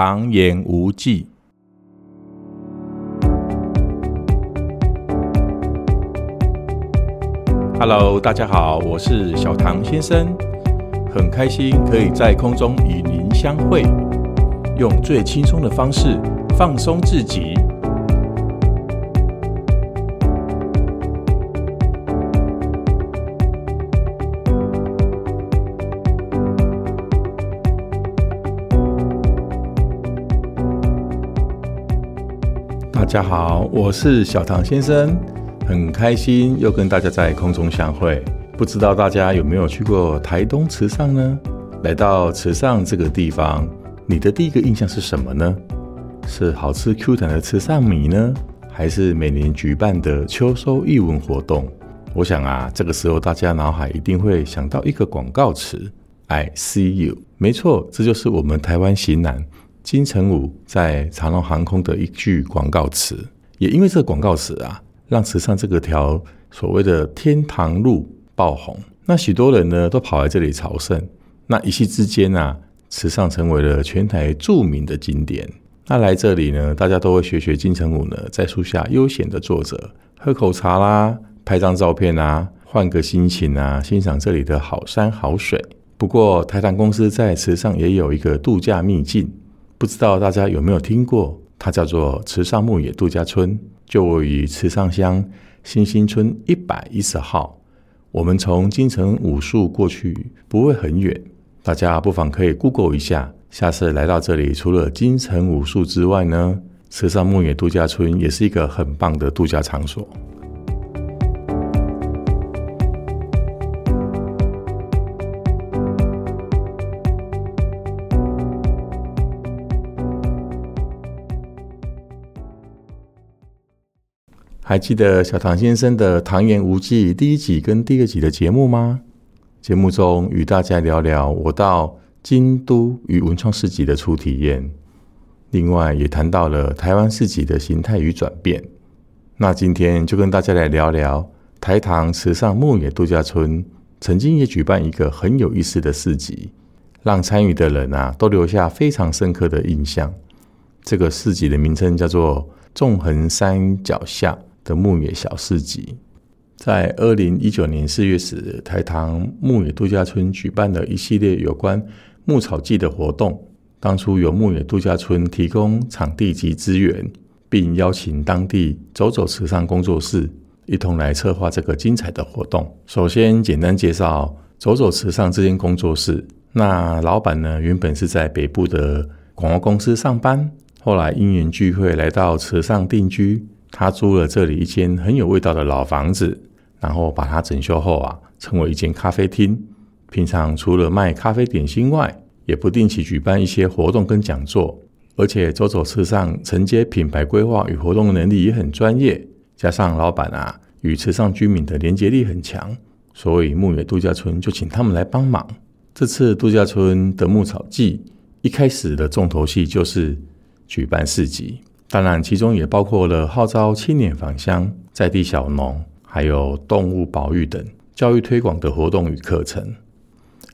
糖言無忌。Hello，大家好，我是小糖先生，很開心可以在空中與您相會，用最輕鬆的方式放鬆自己。大家好，我是小糖先生，很開心又跟大家在空中相會。不知道大家有沒有去過台東池上呢？來到池上這個地方，你的第一個印象是什麼呢？是好吃 Q 彈的池上米呢，還是每年舉辦的秋收藝文活動？我想啊，這個時候大家腦海一定會想到一個廣告詞，I see you。沒錯，這就是我們台灣型男。金城武在長榮航空的一句廣告詞，也因為這個廣告詞啊，讓池上這個條所謂的天堂路爆紅。那許多人呢，都跑來這裡朝聖。那一夕之間啊，池上成為了全台著名的景點。那來這裡呢，大家都會學學金城武呢，在樹下悠閒的坐着，喝口茶啦，拍張照片啊，換個心情啊，欣賞這裡的好山好水。不過，台糖公司在池上也有一個度假秘境。不知道大家有沒有聽過，它叫做池上牧野度假村，就位於池上鄉新興村一百一十號。我們從金城武樹過去不會很遠，大家不妨可以 Google 一下。下次來到這裡，除了金城武樹之外呢，池上牧野度假村也是一個很棒的度假場所。還記得小糖先生的《糖言無忌》第一集跟第二集的節目嗎？節目中與大家聊聊我到京都與文創市集的初體驗，另外也談到了台灣市集的形態與轉變。那今天就跟大家來聊聊台糖池上牧野渡假村曾經也舉辦一個很有意思的市集，讓參與的人吶、啊、都留下非常深刻的印象。這個市集的名稱叫做“縱橫山腳下”的牧野小市集，在二零一九年四月十日台糖牧野度假村舉辦了一系列有關牧草季的活動。當初由牧野度假村提供場地及資源，並邀請當地走走池上工作室一同來策劃這個精彩的活動。首先，簡單介紹走走池上這間工作室。那老闆呢，原本是在北部的廣告公司上班，後來因緣聚會來到池上定居。他租了這裡一間很有味道的老房子，然後把它整修後啊，成為一間咖啡廳。平常除了賣咖啡點心外，也不定期舉辦一些活動跟講座。而且走走池上承接品牌規劃與活動能力也很專業，加上老闆啊與池上居民的連接力很強，所以牧野度假村就請他們來幫忙。這次度假村的牧草季一開始的重頭戲就是舉辦市集。當然，其中也包括了號召青年返鄉、在地小農，還有動物保育等教育推廣的活動與課程。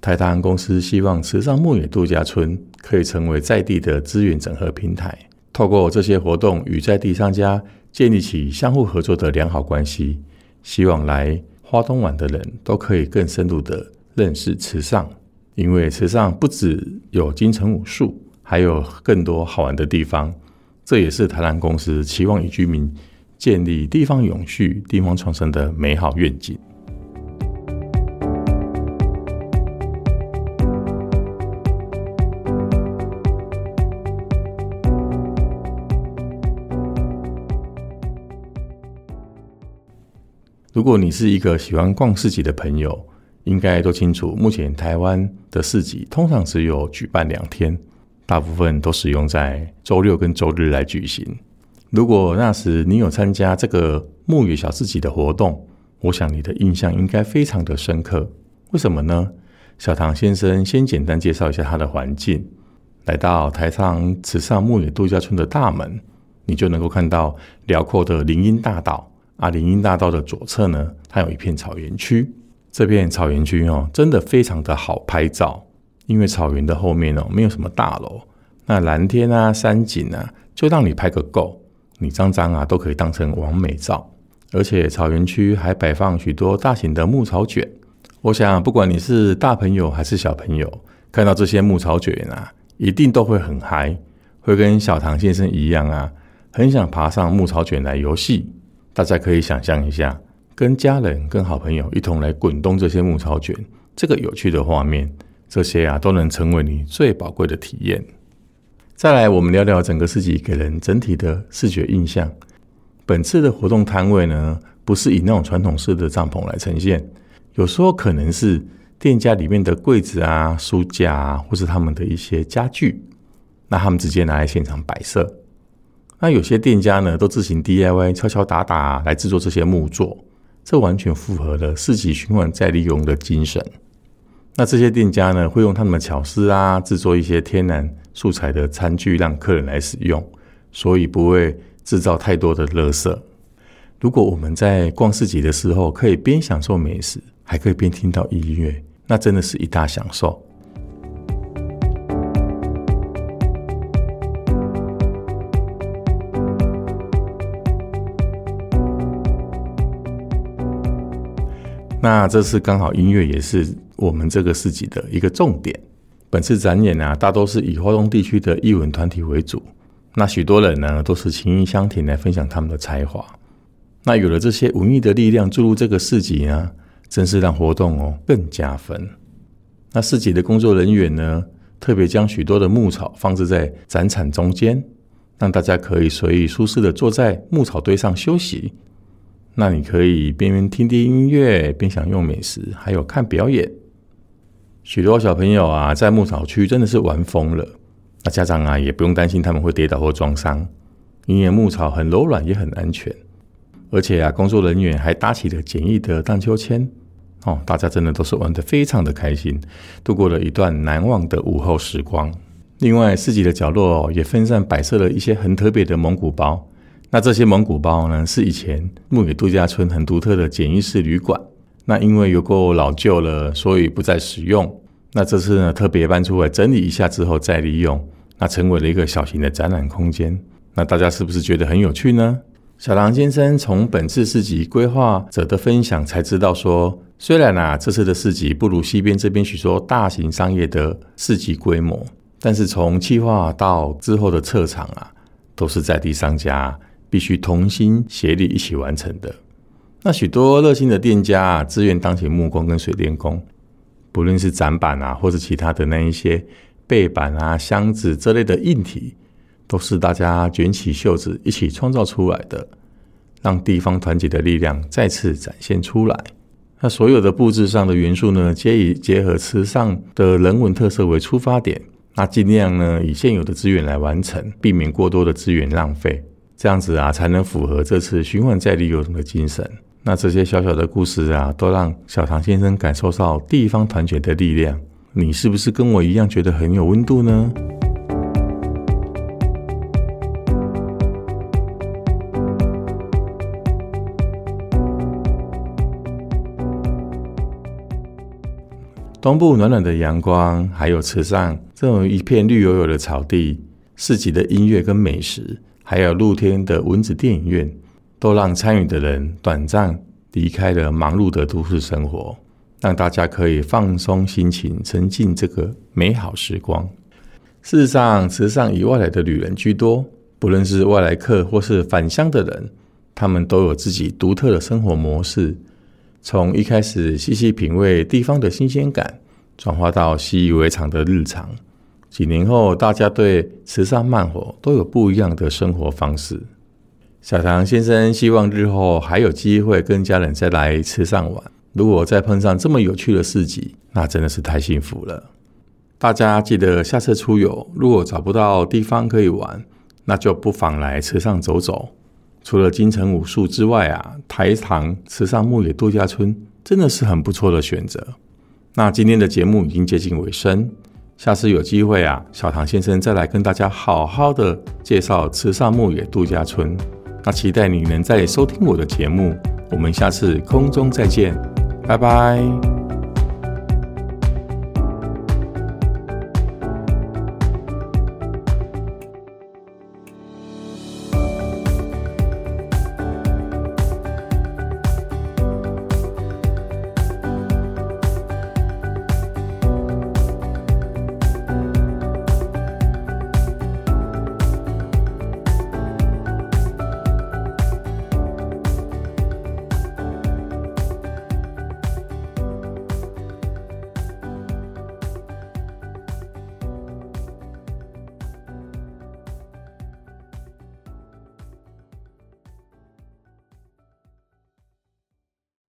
泰達安公司希望，池上牧野度假村可以成為在地的資源整合平台，透過這些活動與在地商家建立起相互合作的良好關係，希望來花東玩的人都可以更深入的認識池上，因為池上不只有金城武樹，還有更多好玩的地方。這也是台南公司期望與居民建立地方永續、地方創生的美好願景。如果你是一個喜歡逛市集的朋友，應該都清楚，目前台灣的市集通常只有舉辦兩天。大部分都使用在周六跟周日來舉行。如果那時你有參加這個牧野小市集的活動，我想你的印象應該非常的深刻。為什麼呢？小糖先生先簡單介紹一下他的環境。來到台上池上牧野度假村的大門，你就能夠看到遼闊的林蔭大道。啊，林蔭大道的左側呢，它有一片草原區。這片草原區哦，真的非常的好拍照。因為草原的後面哦，沒有什麼大樓，那藍天啊、山景啊，就讓你拍個夠，你張張啊都可以當成完美照。而且草原區還擺放許多大型的牧草卷，我想不管你是大朋友還是小朋友，看到這些牧草卷啊，一定都會很嗨，會跟小唐先生一樣啊，很想爬上牧草卷來遊戲。大家可以想象一下，跟家人、跟好朋友一同來滾動這些牧草卷，這個有趣的畫面。這些啊，都能成為你最寶貴的體驗。再來，我們聊聊整個市集給人整體的視覺印象。本次的活動攤位呢，不是以那種傳統式的帳篷來呈現，有時候可能是店家裡面的櫃子啊、書架啊，或是他們的一些家具，那他們直接拿來現場擺設。那有些店家呢，都自行 DIY 敲敲打打來製作這些木作，這完全符合了市集循環再利用的精神。那這些店家呢，會用他們的巧思啊，製作一些天然素材的餐具，讓客人來使用，所以不會製造太多的垃圾。如果我們在逛市集的時候，可以邊享受美食，還可以邊聽到音樂，那真的是一大享受。 那這次剛好音樂也是。我們這個市集的一個重點，本次展演啊，大多是以花東地區的藝文團體為主。那許多人呢，都是情義相挺來分享他們的才華。那有了這些文藝的力量注入這個市集呢，真是讓活動哦更加分。那市集的工作人員呢，特別將許多的牧草放置在展場中間，讓大家可以隨意舒適的坐在牧草堆上休息。那你可以邊、邊聽聽音樂，邊享用美食，還有看表演。許多小朋友啊，在牧草區真的是玩瘋了。那、啊、家長啊，也不用擔心他們會跌倒或撞傷，因為牧草很柔軟也很安全。而且啊，工作人員還搭起了簡易的盪秋千，哦，大家真的都是玩得非常的開心，度過了一段難忘的午後時光。另外，市集的角落也分散擺設了一些很特別的蒙古包。那這些蒙古包呢，是以前牧野度假村很獨特的簡易式旅館。那因為有夠老舊了，所以不再使用。那這次呢，特別搬出來整理一下之後再利用，那成為了一個小型的展覽空間。那大家是不是覺得很有趣呢？小糖先生從本次市集規劃者的分享才知道說，說雖然吶、啊，這次的市集不如西邊這邊許多大型商業的市集規模，但是從計劃到之後的撤場啊，都是在地商家必須同心協力一起完成的。那許多熱心的店家啊，自願當起木工跟水電工，不論是展板啊，或者其他的那一些背板啊、箱子之類的硬體，都是大家捲起袖子一起創造出來的，讓地方團結的力量再次展現出來。那所有的布置上的元素呢，皆以結合池上的人文特色為出發點，那盡量呢以現有的資源來完成，避免過多的資源浪費，這樣子啊，才能符合這次循環再利用中的精神。那這些小小的故事啊，都讓小糖先生感受到地方團結的力量。你是不是跟我一樣覺得很有溫度呢？東部暖暖的陽光，還有池上這一片綠油油的草地，市集的音樂跟美食，還有露天的蚊子電影院。都讓參與的人短暫離開了忙碌的都市生活，讓大家可以放鬆心情，沉浸這個美好時光。事實上，池上以外來的旅人居多，不論是外來客或是返鄉的人，他們都有自己獨特的生活模式。從一開始細細品味地方的新鮮感，轉化到習以為常的日常。幾年後，大家對池上慢活都有不一樣的生活方式。小糖先生希望日後還有機會跟家人再來池上玩。如果再碰上這麼有趣的市集，那真的是太幸福了。大家記得下次出遊，如果找不到地方可以玩，那就不妨來池上走走。除了金城武樹之外啊，台糖池上牧野度假村真的是很不錯的選擇。那今天的節目已經接近尾聲，下次有機會啊，小糖先生再來跟大家好好的介紹池上牧野度假村。那期待你能再收聽我的節目，我們下次空中再見，拜拜。